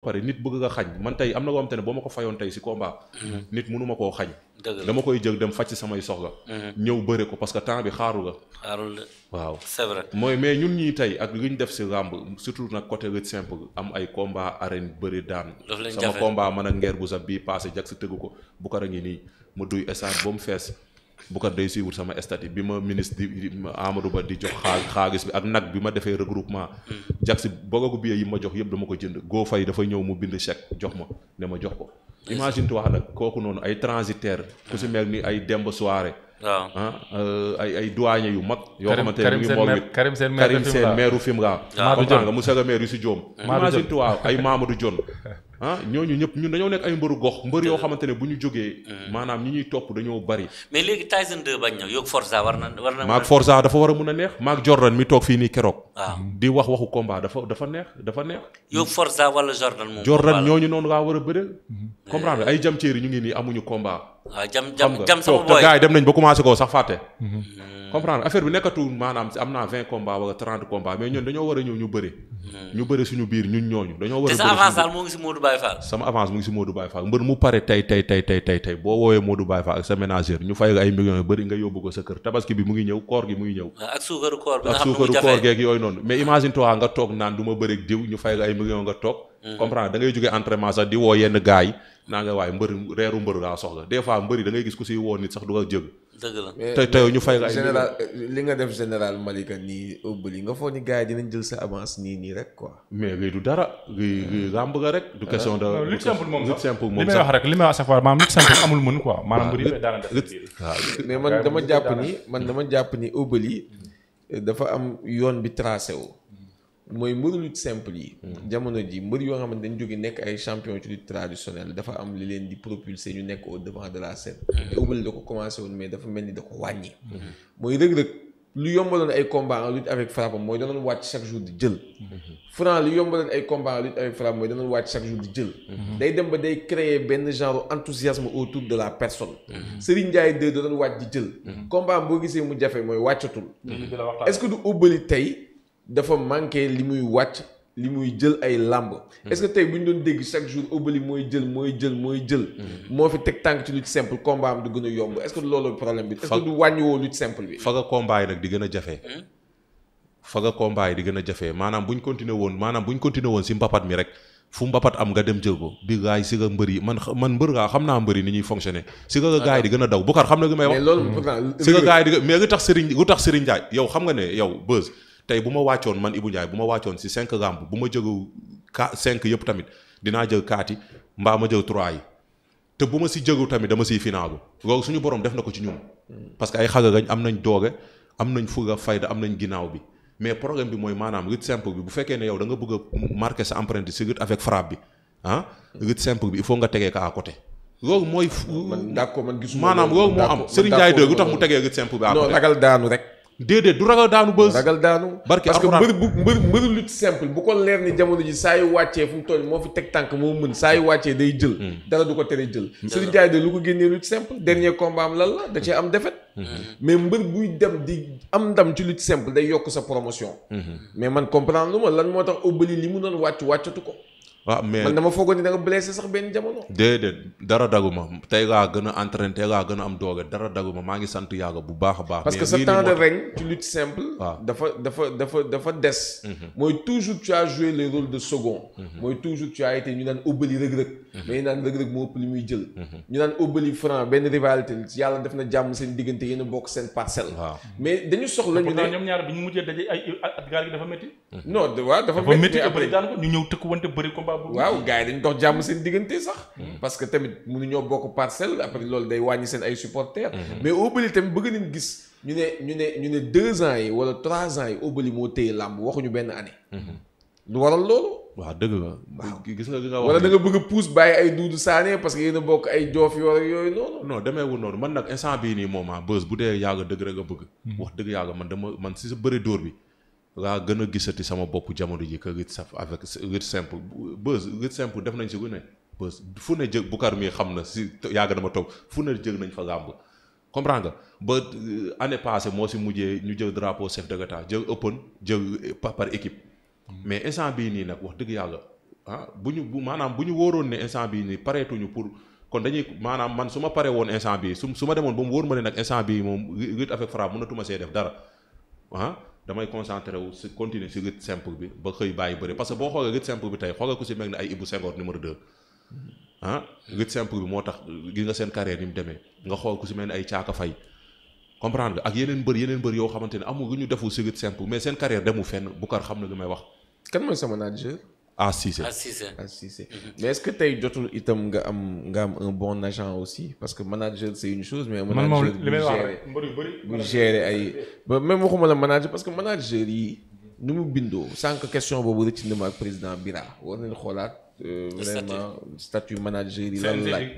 pare nit bëgg nga xañ man tey am na koo xam te ne boo ma ko fayoon tey si combat mhm. nit mënu ma koo xañ dama koy jël dem faj samay soxla mhm. ñëw bëre ko parce que temps bi xaaru la xaarul la waaw c'est mooy mais ñun ñii tey ak li ñu def si làmb surtout nag côté lutte simple am ay combat arène bëri daan sama combat man ak ngeer bu sa bii passé jag si tëgg ko bu ko a ngi nii ma duy esaan ba mu fees Boucar day suivre sama statut bi ma ministre di Amadou Ba di jox xaal xaalis bi ak nag bi ma defee regroupement. Mm. jax si boogagu billet yi ma jox yëpp dama ko jënd goo fay dafa ñëw mu bind chèque jox ma ne ma jox ko. imagine tu wax nag kooku noonu ay transitaire ku si mel ni ay demb soirée. waaw ah euh, ay ay yu mag. yoo xamante ne mi ngi moom it Karim Sène maire Karim Sène maire Fimela. Mamadou Dione nga Moussa yu si Diome. Mamadou Dione imagine tu waaw ay Mamadou Dione. ah ñooñu ñëpp ñun dañoo nekk ay mbëru gox mbër yoo xamante ne bu ñu jógee mm. maanaam ñi ñuy topp dañoo bari mais léegi Tyson bañ yow Forza war na war na maag Forza dafa war a mun a neex maag Jordan mi toog fii nii keroog ah. di wax waxu combat dafa dafa neex dafa neex yow Forza wala Jordan moom Jordan ñooñu noonu waa war a bëre mm. comprendre ay jam ceeri ñu ngi nii amuñu komba waaw jam jam jam sama booy gars dem nañ ba commencé koo sax fàtte. Mhm. Hmm. comprendre affaire bi nekkatul maanaam am naa vingt combats wala trente combats mais dañoo war a ñëw ñu bëri. Hmm. ñu bëri suñu biir ñun ñooñu. dañoo war a bëri te sa avance ngi si Modou Baye Fall. sama avance mu pare tey tey tey tey tey tey boo woowee Modou Baye Fall ak sa ménagère ñu fay ay millions yu bëri nga yóbbu ko sa kër tabaski bi mu ngi ñëw koor gi mu ngi ñëw. ak yooyu noonu mais imagine toi nga toog naan du ma bëri diw ñu fay ay millions nga toog hmm. comprendre dangay ngay jógee sax di woo yenn gars yi naa nga waaye mbër reeru mbër laa soxla des fois mbër yi da ngay gis ku siy woo nit sax du ko jëg. dëgg la tey tey ñu fay la général euh, li nga def général Malika nii ëbbali nga foog ni gars yi dinañ jël sa avance nii nii rek quoi. mais lii dara lii lii làmb rek. du ah. question de lutte simple moom sax li may wax rek li may wax sax maanaam lutte simple amul mën quoi. maanaam mbër yi mais man dama jàpp ni man dama jàpp ni ëbbali dafa am yoon bi tracé wu mooy mbëru lutte simple yi. Hmm. jamono ji mbër yoo xamante dañ jóge nekk ay champion ci lutte traditionnelle dafa am li leen di propulser ñu nekk au devant de la scène. Hmm. te Obeuly da ko commencé woon mais dafa mel ni da ko wàññi. Hmm. mooy rëg-rëg lu yombaloon ay combat en lutte avec frappe mooy danoon wàcc chaque jour di jël. Franc lu yombaloon ay combat avec frappe mooy danoon wàcc chaque jour di jël. day dem ba day créer benn genre enthousiasme autour de la personne. Serigne Ndiaye 2 da doon wàcc di jël. combat boo gisee mu jafe mooy wàccatul. est-ce dafa manqué li muy wàcc li muy jël ay làmb hmm. est-ce que tey bu ñu doon dégg chaque jour Obali mooy jël mooy jël mooy jël. Hmm. moo fi teg tànk ci lutte simple combat am a yomb est-ce que loolu problème bi. est-ce que du wàññiwoo lutte simple di gën a jafe. Hmm? faga combat yi gën a jafe maanaam bu ñu continuer woon maanaam bu ñu continuer woon si mbapat mi rek. fu mbapat am nga dem jël ko bi gars yi si nga mbër yi man man mbër ngaa xam naa mbër yi ni ñuy fonctionner si nga ah, gars yi di gën a daw Boucar xam na li may wax. mais loolu pourtant si nga gars yi di mais lu tax Serigne lu tax Serigne Ndiaye yow xam nga ne yow buzz tey bu ma wàccoon man Ibou Ndiaye bu ma wàccoon si cinq ramb bu ma jëgu ka cinq yëpp tamit dinaa jël kaati mbaa ma jël trois yi te bu ma si jëgu tamit dama siy finaalu loolu suñu borom def na ko ci ñun. parce que ay xale lañ am nañ dooge am nañ fuga fayda am nañ ginnaaw bi mais problème bi mooy maanaam lutte simple bi bu fekkee ne yow da nga bëgg a marquer sa empreinte si lutte avec frappe bi ah, nga tegee ka à côté. loolu mooy. man man gisuma maanaam loolu moo am Serigne Ndiaye dëgg lu tax mu tegee lutte simple bi. à côté ragal daanu rek. déedéet du ragal daanu bës. ragal daanu barki parce que mbër bu mbër mbër lutte simple bu ko leer ni jamono ji saa yu wàccee fu mu toll moo fi teg tànk moo mën saa yu wàccee day jël. Hmm. dara du ko tere jël. Hmm. Serigne Ndiaye lu ko génnee lutte simple dernier combat am lan la da cee am defet hmm. mais mbër buy dem di am ndam ci lutte simple day yokk sa promotion. mais man comprendre lu ma lan moo tax Obali li mu doon wàcc wàccatu ko. waaw ah, mais man dama foogoon ni da nga blessé sax benn jamono. déedéet dara daguma tey laa gën a entraîné tey laa gën a am doole dara daguma maa ngi sant yàlla bu baax a baax. parce que sa temps de règne ci lutte simple. Ah. dafa dafa des. Mhm. mooy toujours tu as le rôle de second. Mhm. mooy toujours tu as mhm. ñu naan ubbali rëg-rëg. mais naan rëg-rëg moo ëpp li muy jël. ñu naan ubbali franc benn rivalité yàlla def na jàmm seen diggante yéen a bokk seen parcelle. mais dañu soxla ñu n ñoom ñaar bi ñu mujjee daje ay at gaal gi dafa métti. non waaw dafa métti après dafa métti ñu ñëw bëgg waaw gars yi dañ dox jàmm seen diggante sax hmm. parce que tamit mënuñoo bokk parcelle après loolu day wàññi seen ay supporters hmm. mais Obali tamit bëgg nañ gis ñu ne ñu ne ñu ne deux ans yi wala trois ans yi Obali moo téye làmb waxuñu benn année hmm. lu waral loolu waaw dëgg la gis nga nga wax wala da nga bëgg a puus bàyyi ay duudu saane parce que yéen a bokk ay joof yor ak yooyu noonu non demeewul noonu man nag instant bi nii moom ah bës bu dee yàgg dëgg rek nga bëgg wax dëgg yàgg man dama man si sa bëri dóor bi laa gën a gisati sama bopp jamono ji que lutte saf avec lutte simple buzz lutte simple def nañ si lu ne buzz fu ne jëg Boucar mii xam na si yàgg dama toog fu ne jëg nañ fa làmb comprends nga ba euh, année passée moo si mujjee ñu jël drapeau chef de l'État jël open jël euh, par équipe mm. mais instant bii nii nag wax dëgg yàlla ah bu ñu bu maanaam bu ñu wóoroon ne instant bii nii pareetuñu pour kon dañuy maanaam man su ma paree woon instant bi su su ma demoon ba mu wóor ma ne nag instant bii moom lutte see def dara ah damay concentré wu si continuer si rythme simple bi ba xëy bàyyi bëri parce que boo xoolee rythme simple bi tey xoolal ku si mel ni ay Ibou Senghor numéro 2. ah rythme simple bi moo tax gis nga seen carrière ni mu demee nga xool ku si mel ni ay Caaka Fay comprendre nga ak yeneen mbër yeneen mbër yoo xamante ne amul lu ñu defu si rythme simple mais seen carrière demu fenn Boucar xam na li may wax. kan mooy sama manager à Cissé. à Cissé à Cissé. mais est-ce que tey jotul itam nga am nga am un bon agent aussi parce que manager c'est une chose. mais manager bu gérer bu gérer ay. ba même waxuma la manager parce que manager yi nu mu bindoo sànq question boobu rëcc na ma ak président Bira war nañu xoolaat. Euh, vraiment statut manager yi lan laaj.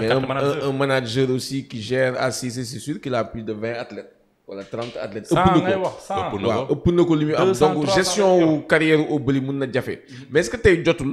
mais un manager aussi qui gère à ah, Cissé c'est sûr qu'il a plus de vingt athlètes. wala 30 athlètes. ëpp na ko ëpp na ko ëpp na ko li muy am donc gestion wu carrière au bëri mun na jafe. Mhm. mais est que tey jotul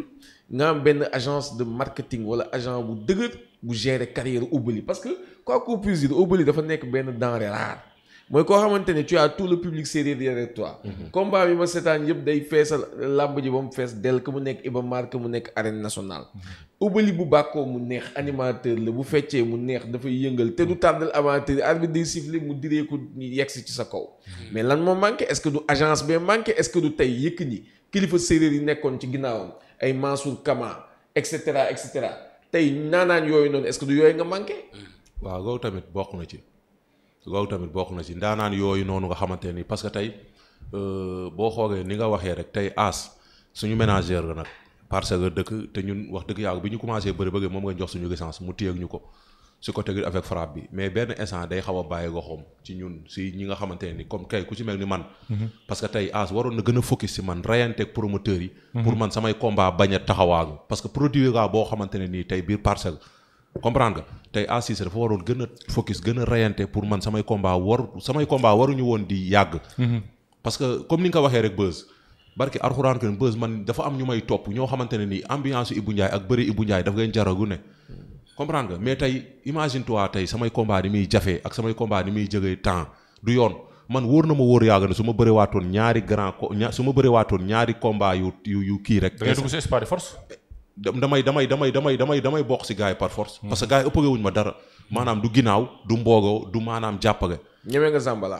nga am benn agence de marketing wala agent bu dëgër bu gérer carrière au bëri parce que quoi qu'on puisse dire au bëri dafa nekk benn denrée rare. mooy koo xamante ne tu as tout le public sérieux derrière toi. Mhm. combat bi ma seetaan yëpp day feesal làmb ji ba mu fees del que mu nekk Iba Mar que mu nekk arène nationale. Mhm. ubbali bu bàkkoo mu neex animateur la bu feccee mu neex dafay yëngal te du mhm. tardel amateur arbitre day siffler mu diree ko yegsi ci sa kaw. mais lan moo manqué est-ce que du agence bee manqué est-ce que du tey Yékini kilifa séeréer yi nekkoon ci ginnaawam ay Mansour Kama et cetera et cetera tey naanaan yooyu noonu est du yooyu nga manqué. waaw loolu tamit bokk na ci. loolu tamit bokk na ci ndaanaan yooyu noonu nga xamante ni parce que tey euh, boo xoogee ni nga waxee rek tey aas suñu ménagère la nag parce que dëkk te ñun wax dëgg yàlla bi ñu commencé bëri bëgg moom nga jox suñu licence mu téyeeg ñu ko si côté gi avec frappe bi mais benn instant day xaw a bàyyi goxoom ci ñun si ñi nga xamante ni comme kay ku ci mel ni man. Mm-hmm. parce que tey as waroon na gën a focus si man reyanteeg promoteurs yi. Mm-hmm. pour man samay combat bañ a taxawaalu parce que produit ga boo xamante ne nii tey biir parcelle. comprendre nga tey Assis dafa waroon gën a focus gën a rayante pour man samay combat war samay combat waruñu woon di yàgg. Mhm. parce que comme ni nga ko waxee rek buzz. barke arxuraan kan man dafa am ñu may topp ñoo xamante ne nii ambiance Ibou Ndiaye ak bëri Ibou Ndiaye daf ngay jaragu ne. comprendre nga mais tey imagine toi tey samay combat ni muy jafe ak samay combat ni muy jege temps du yoon man wóor na ma wóor yàgg na su ma bëree waatoon ñaari grand ma bëree waatoon ñaari combat yu damay damay damay damay damay damay bokk si gars yi par force. Hmm. parce que gars yi ëppage wuñ ma dara. maanaam du ginnaaw du mboogoo du maanaam jàppage. ñeme nga Zambala.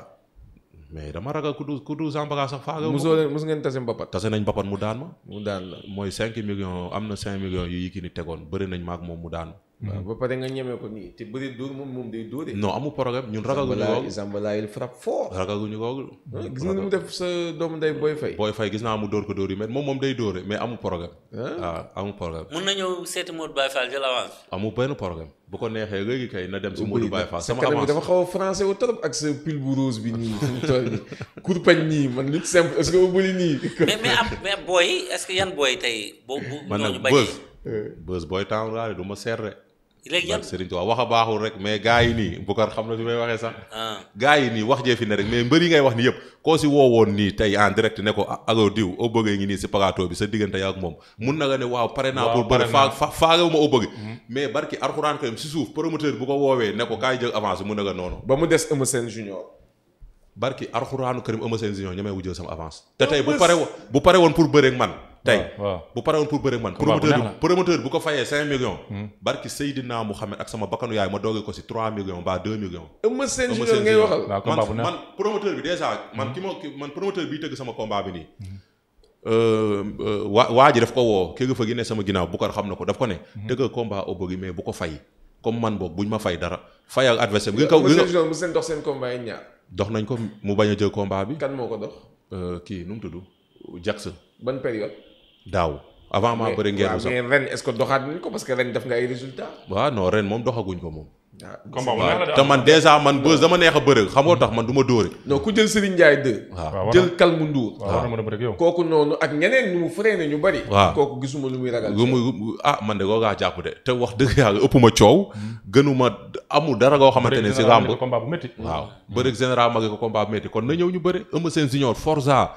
mais dama ragal ku du ku du Zambala sax faaga. mosoo leen mos ngeen tase Mbapat. tase nañ Mbapat mu daan ma. mu daan la mooy cinq millions am na 5 millions yu Yékini tegoon bëri nañ ma moom mu daan waaw ba pare nga ñeme ko nii te bëri dóor moom moom day dóore. non amul problème ñun ragaguñu ko. Zambala il frappe fort. ragaguñu ko. Ah, gis nga ni mu def sa doomu day Boy fay Boy Faye gis naa mu dóor ko dóor yi mais moom moom day dóore mais amul problème. Ah. waaw amul na ñëw seeti Modou Baye Fall jël avance. amul benn problème bu ko neexee léegi kay na dem si Modou Baye Fall. sama avance dafa xaw a français wu trop ak sa bu rose bi nii fi mu toll nii. kurpañ nii man nit simple est-ce que ubbali nii. mais mais am est booy tey. boo bu ñooñu bañ man nag bës bës booy temps du ma seet rek léegi yan wax a baaxul rek mais gars yi nii Boucar xam na fi may waxee sax. Ah. gars yi nii wax jee fi ne rek mais mbër yi ngay wax ni yëpp koo si woowoon nii tey en direct ne ko ago ah, diw au bëggee ngi nii si pagato bi sa diggante yaa ak moom mun na nga ne waaw pare naa pour bëri faa faagawu ma au bëgg mhm. mais barki arxuraan koyam si suuf promoteur bu ko woowee ne ko kaay jël avance mun na nga noonu ba mu des Eumeu Sène junior barki arxuraanu karim Eumeu Sène junior ñamee wu sama avance te tey bu bu pare woon pour bëreek man tey ah, bu pare woon pour bëre man promoteur promoteur bu ko fayee cinq millions hmm. barki Seydina Mouhamed ak sama bakkanu yaay ma doogee ko si trois millions mbaa deux millions Eumeu Sène junior ngay waxal man dèjà man ki ma man promoteur bi hmm. tëgg sama combat bi nii hmm. euh, euh, waa waa ji daf ko woo kii fa gi ne sama ginnaaw bu ko xam na ko daf ko ne tëgg combat au bëgg mais bu ko fay comme man boobu buñ ma fay dara fay ak kaw mu seen dox seen combat yi ñaar dox nañ ko mu bañ a jël combat bi kan moo ko dox euh, kii nu mu tudd Jackson ban période daaw avant ma bëri ngeen sax mais ren est-ce que doxaat nañ ko parce ren def nga ay résultats. waaw non ren moom doxaguñ ko moom. waaw ah, te man dèjà man bës dama neex a bëre xam nga tax man du ma dóore. non ku jël Serigne Ndiaye 2. waaw jël Kalmu Ndour. waaw kooku noonu ak ñeneen ñu mu freiné ñu bari. waaw kooku gisuma lu muy ragal. Ah, man de koo gaa jàpp de te wax dëgg yàlla ëpp ma coow. gënuma amul dara goo xamante ne si. làmb waaw bëre général magi ko combat bu métti kon na ñëw ñu bëre Eumeu Sène Junior Forza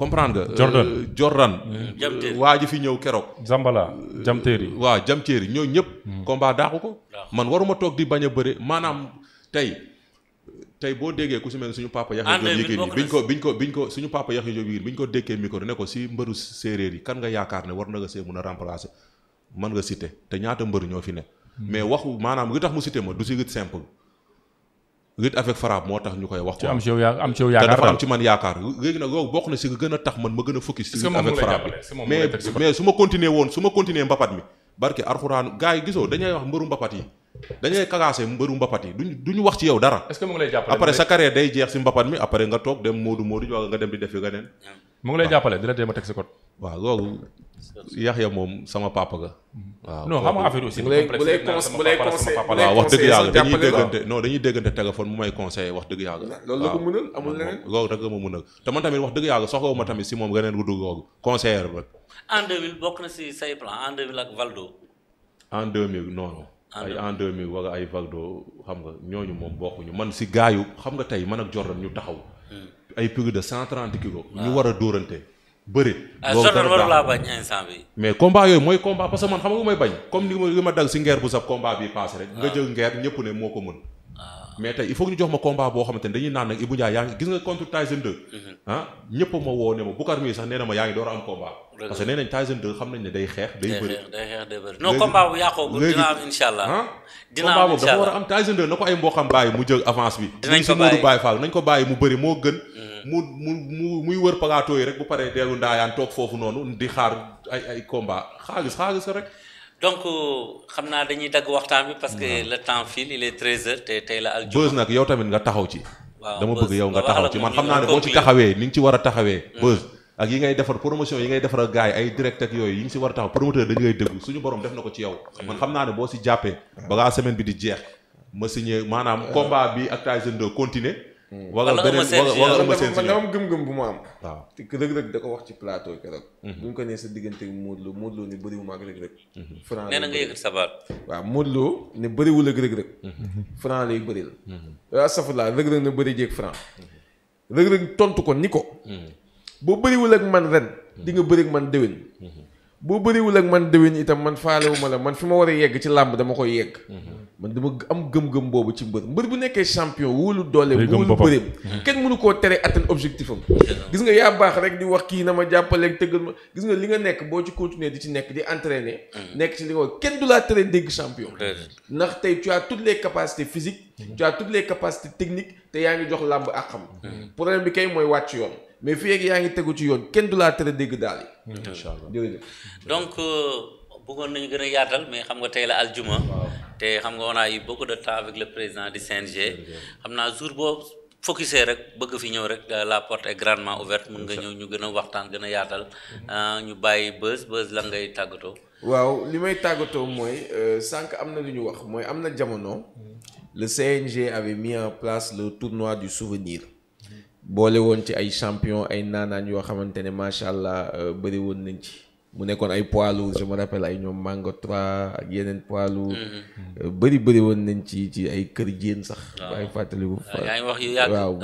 comprend nga. Jordan euh, Jordan. Euh, waa ji fi ñëw keroog. Zambala jamteeri. Euh, waaw jamteeri ñooy ñëpp. Hmm. combat daaxu ko. Ah. man waruma toog di bañ a bëre maanaam tey tey boo déggee ku si mel ne suñu papa. Yaxya Jóob Yékini biñ ko biñ ko biñ ko suñu papa Yaxya Jóob Yékini biñ ko dékkee micro ne ko si mbëru séeréer yi kan nga yaakaar ne war na nga see mën a remplacer mën nga citer te ñaata mbër ñoo fi ne. Hmm. mais waxu maanaam li tax mu citer ma du si simple. lutte avec frappe moo tax ñu koy wax. ci am ci am ci yow yaakaar dafa am ci man yaakaar léegi nag loolu bokk na si gën a tax man ma gën a focus. si ma continuer woon su ma continuer mbapat mi barke arxuraanu gars yi gisoo dañuy wax mbëru mbapat yi dañuy kagaase mbëru mbapat yi duñ duñu wax ci yow dara. est sa carrière day jeex si mbapat mi après nga toog dem Modou Modou wala nga dem di defi leneen. mu ngi lay jàppale di la dem waaw loolu. ya moom sama papa ga. waaw non xam nga affaire aussi. bu wax dëgg yàlla dañuy déggante non dañuy déggante téléphone mu may conseillé wax dëgg yàlla. waaw loolu la ko mënal amul leneen. loolu rek la ma mënal te man tamit wax dëgg yàlla soxlawu ma tamit si moom leneen lu dul loolu conseiller rek. en 2000 bokk na si say plan en 2000 ak Valdo. en 2000 noonu. ay en 2000 wala ay Valdo xam nga ñooñu moom bokkuñu man si gaayu xam nga tey man ak Jordan ñu taxaw. Hmm. ay plus de 130 kilos. ñu war a dóorante. bëri. Ah, loolu dara waru laa bañ instant bi mais combat mooy combat parce que man xam may bañ comme ni ma li ma dal si ngeer bu sab combat bi passé rek. nga ah. jël ngeer ñëpp ne moo ko mën. mais tey il faut ñu jox ma combat boo xamante ne dañuy naan nag Ibou Ndiaye yaa ngi gis nga contre Tyson 2. Mhm. Ah ma woo ne ma Boucar mii sax nee ma yaa ngi door a am combat. parce que xeex. day bëri day xeex day bëri bu dina am incha dina am incha allah ah a am Tyson na ko ay mboqam bàyyi mu jël avance bi. dinañ ko bàyyi Baye Fall nañ ko bàyyi mu bëri moo gën. Mhm. mu mu mu muy wër plateau yi rek bu paree dellu ndaayaan toog foofu noonu di xaar ay ay combat xaalis xaalis rek donc euh, xam naa dañuy dagg waxtaan bi parce que le temps file il est te tey la aljuma. Beuz nag yow tamit nga taxaw ci. dama bëgg yow nga taxaw ci man xam naa ne boo ci taxawee ni nga ci war a taxawee. Mm. Beuz ak yi ngay defar promotion yi ngay defar ak gars ay direct ak yooyu yi nga si war a taxaw promoteur dañu ngay déglu suñu borom def na ko ci yow. Mm. man xam naa ne boo si jàppee. balaa semaine bi di jeex ma signé maanaam euh. combat bi ak Tyson 2 continuer Hmm. wagal beneen wagal ma seen man dama gëm-gëm bu ma am waaw te rëg-rëg da ko wax ci plateau keroog hmm. bu ñu ko nee sa diggante Modou Lo Modou Lo ne bëriwuma ak rëg-rëg hmm. Franc nee na nga yëg bëriwul ak rëg-rëg Franc lay eh, bëri la astafurlaa rëg-rëg ne bëri jéeg Franc rëg-rëg tontu ko ni ko boo bëriwul ak man ren dinga nga bëri ak man déwén boo bëriwul ak man déwén itam man faalewuma la man fi ma war a yegg ci làmb dama koy yegg. Mhm. man dama am gëm-gëm boobu ci mbër mbër bu nekkee champion wóolu doole wóolu bëreem mhm. kenn mënu koo tere atteindre objectif am gis nga yaa baax rek di wax kii na ma jàppaleeg tëggal ma gis nga li nga nekk boo ci continuer di ci nekk di entraîner mhm. nekk ci li nga kenn du laa tere dégg champion ndax tey tu as toutes les capacités physiques tu as toutes les capacités techniques te yaa ngi jox làmb ak xam problème bi kay mooy wàcc yoon mais fii ak yaa ngi tegu ci yoon kenn du laa tere dégg daal yi. incha allah jërëjëf donc euh, bëggoon nañu gën a yaatal mais xam nga tey la aljuma. te xam nga on a eu beaucoup de temps avec le président du CNG. xam naa jour boobu focusé rek bëgg fi ñëw rek la porte est grandement ouverte mun nga ñëw ñu gën a waxtaan gën a yaatal. Mhm. Ah, ñu bàyyi bës bës lan ngay tàggatoo. waaw li may tàggatoo mooy euh, sànq am na lu ñu wax mooy am na jamono. Mhm. le CNG avait mis en place le tournoi du souvenir. boole woon ci ay champion ay naanaan yoo xamante ne macha allah euh, bëri woon nañ ci. mu nekkoon ay poids lourds je me rappelle ay ñoom Mango 3 ak yeneen poids lourds. Mm-hmm. Euh, bëri bëri woon nañ ci ci ay kër jéen sax. waaw ay fàttaliku. yaa ngi wax yu yàgg waaw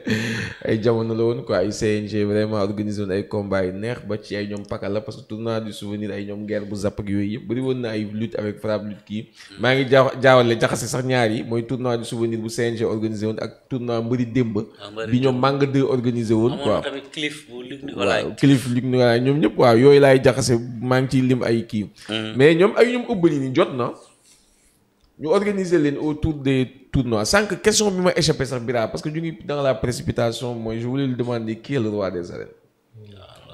ay jamono la woon quoi ay CNG vraiment organisé woon ay combats yu neex ba ci ñoom paka la parce que tournoi du souvenir ay ñoom guerre bu zapp ak yooyu yëpp bëri woon na ay lutte avec frappe lutte kii. Mm-hmm. maa ngi jaa jaawale jaxase sax ñaar yi mooy tournoi du souvenir bu CNG organisé woon ak tournoi mbëri démb. Ah, bi ñoom Mango 2 organisé woon. quoi waaw yooyu la laay jaxase maa ngi ci lim ay kii mm. mais ñoom ay ñoom ubbali ni jot na ñu organiser leen autour des tournois sans que question bi ma échappé sax biraa parce que ñu ngi dans la précipitation mooy je voulais lui demander qui est le roi des arènes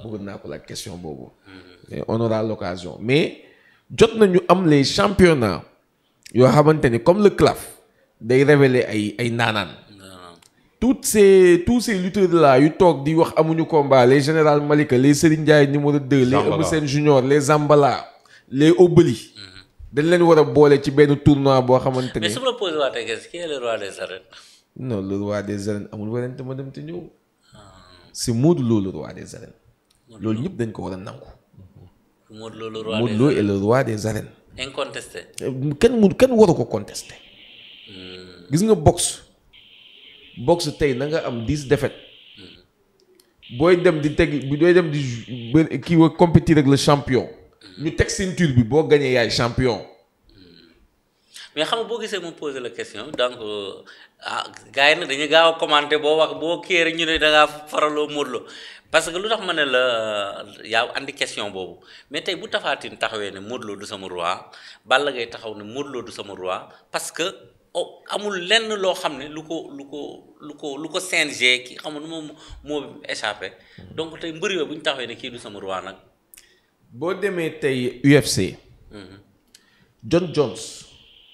bëgg naa ko la question boobu mm. mais on mais jot na ñu am les championnats yoo xamante ni comme le CLAF day révéler ay ay naanaan tout ces tout ces lutteurs là yu toog di wax amuñu combat les général Malika les Serigne Ndiaye numéro 2. les Eumeu Sène junior les Zambala les Obali. Mhm. dañ leen war a boole ci benn tournoi boo xamante ne. mais su ma la posé waatee des arènes. amul werante ma dem te ñëw. Ah. si Modou Lo le roi des arènes. loolu ñëpp dañ ko war a nangu. Modou Lo le roi des arènes Modou euh, kenn mu kenn waru ko contesté. Hmm. gis nga boxe. boxe tey na nga am dix défaites booy dem di teg booy dem di kii wa compétir ak le champion ñu teg ceinture bi boo gañee yaay champion mais xam nga boo gisee mu posé la question donc euh, ah gars yi nag dañuy gaaw a commenté boo wax boo kii ñu ne da ngaa faraloo Modou parce que lu tax ma ne la euh, yaa andi question boobu mais tey bu Tapha Tine taxawee ne Modou du sama roi Balla Gaye taxaw ne Modou du sama roi parce que. amul lenn loo xam ne lu ko lu ko lu ko lu ko CNG ki xam nu moom moo échappé hmm. donc tey mbër bu ñu taxawee ne kii du sama roi nag. boo demee tey UFC. Hmm. John Jones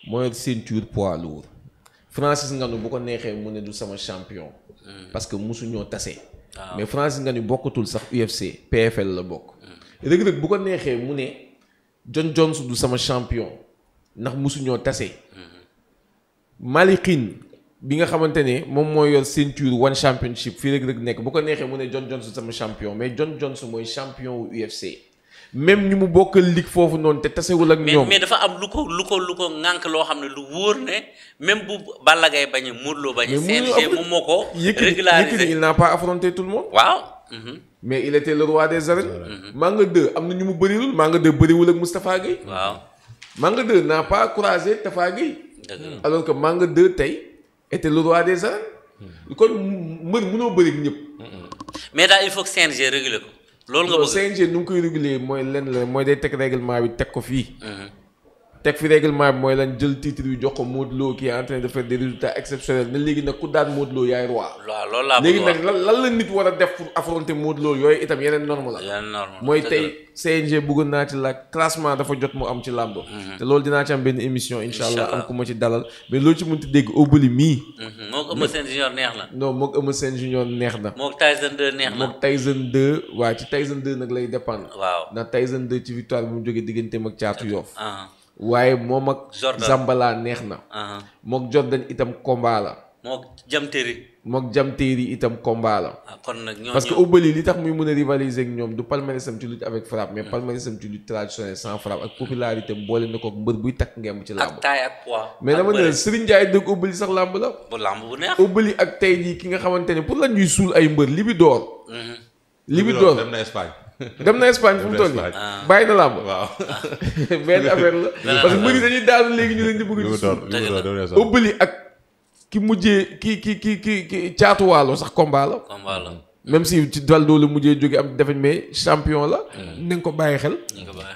mooy ceinture poids lourd Francis Ngannou bu ko neexee mu ne du sama champion. Hmm. parce que mosuñoo tase. Ah. mais Francis Ngannou bokkatul sax UFC PFL la bokk. Reug Reug bu ko neexee mu ne John Jones du sama champion ndax mosuñoo tase. Malikin bi nga xamante ne moom mooy yor ceinture one championship fii Reug Reug nekk bu ko neexee mu ne John Johnson sama champion mais John Johnson mooy champion wu UFC même ñu mu bokkal lig foofu noonu te tasewul ak ñoom mais dafa am lu ko lu ko lu ko ŋànk loo xam ne lu wóor ne même bu Balla Gaye bañ a Modou Lo bañ a CNG moom moo ko régulariser Yékini il n'a pas affronté tout le monde waaw mm-hmm. mais il était le roi des arènes mm-hmm. Manga 2 am na ñu mu bëriwul Manga 2 bëriwul ak Moustapha Guèye waaw Manga n'a pas croisé Tafa alors que Manga dë tey était le roi des arènes. Hmm. kon mbër mënoo bëri ñëpp. Hmm. mais daal il faut que CNG ko. loolu nga bëgg CNG nu mu koy régulé mooy lenn la mooy day teg règlement bi teg ko fii. Hmm. teg fi règlement bi mooy lan jël titre bi jox ko Modou Lo qui est en train de faire des résultats léegi nag ku daan Modou Lo yaay roi. loolu laa léegi nag lan lan la nit war a def pour affronter Modou yooyu itam yeneen norme la. yeneen mooy tey CNG bëggoon naa ci la classement dafa jot mu am ci làmb. Mhm. te loolu dinaa ci am benn émission. incha allah am ku ma ci dalal mais loolu ci mënut a dégg Obali mii. Mhm. moog Eumeu Sène junior na. non moog Eumeu Sène junior neex na. moog Tyson 2 neex na. moog Tyson 2 waaw ci Tyson 2 nag lay dépendre. waaw ndax Tyson 2 ci victoire bi mu jógee digganteem ak caatu yoof ah. waaye moom ak. Jordan Zambala neex na. mook Jordan itam combat la. mook Jamteeri. mook Jamteeri itam combat la. Ah, kon nag ñooñu parce que Obali li tax muy mën a rivaliser ak ñoom du palmarèsam ci lutte avec frappe mais hmm. palmarèsam ci lutte traditionnelle sans frappe ak popularité am boole na ko mbër buy takk ngemb ci làmb. mais dama ne Serigne Ndiaye dëgg Obali sax làmb la. bu Obali ak tey jii ki nga xamante ne pour la ñuy suul ay mbër li bi door. Hmm. li bi door dem na Espagne fu mu toll nii ah. bàyyi na làmb. waaw benn affaire la. parce que mbëri dañuy daanu léegi ñu leen di bëgg a. suuf ubbali ak ki mujjee ki ki ki ki ki caatuwaalo sax combat la. combat la même si ci dal doole mujjee jóge am defañ mais champion la. Mm. na nga ko bàyyi xel.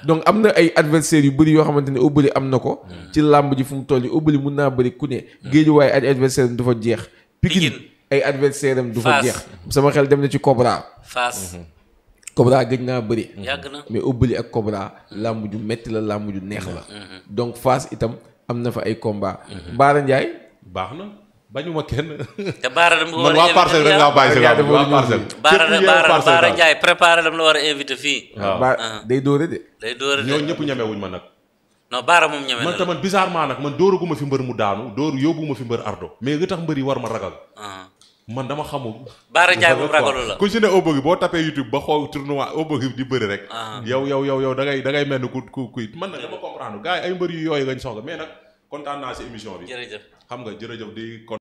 donc am na ay adversaires yu bëri yoo xamante ne ubbali am na ko. Mm. ci làmb ji fu mu toll nii ubbali mun naa bëri ku ne. Mm. géej waaye ay adversaire dafa jeex. Pikine ay adversaire am du fa jeex. sama xel dem na ci Cobra. Fass. Mm-hmm. Cobra gëj naa bëri. yàgg na mais Obeuly ak Cobra làmb ju metti la làmb ju neex la. Mhm. donc Fass itam am na fa ay combat mhm. Baara Ndiaye. baax na bañuma kenn. te Baara dama war a invité man waa parcelle rek laa bàyyi si làmb waa parcelle. Baara Baara Ndiaye préparé dama la war a invité fii. waaw uh-huh. day dóore de. day dóore de ñooñu ñëpp ñemewuñ ma nag. non baara moom ñeme man tamit bizarrement nag man dóoraguma fi mbër mu daanu dóor yóbbuma fi mbër ardo mais li tax mbër yi war ma ragal uh-huh. man dama xamul. Baara Ndiaye moom ragalu la ku si ne Obeury boo tapee YouTube ba xool tournoi Obeury di bëri rek. Ah. yow yow yow yow da ngay da ngay mel ni ku ku kuy man nag dama comprendre gars yi ay mbër yu yooyu lañ soxla mais nag kontaan naa si émission bi. jërëjëf xam nga jërëjëf di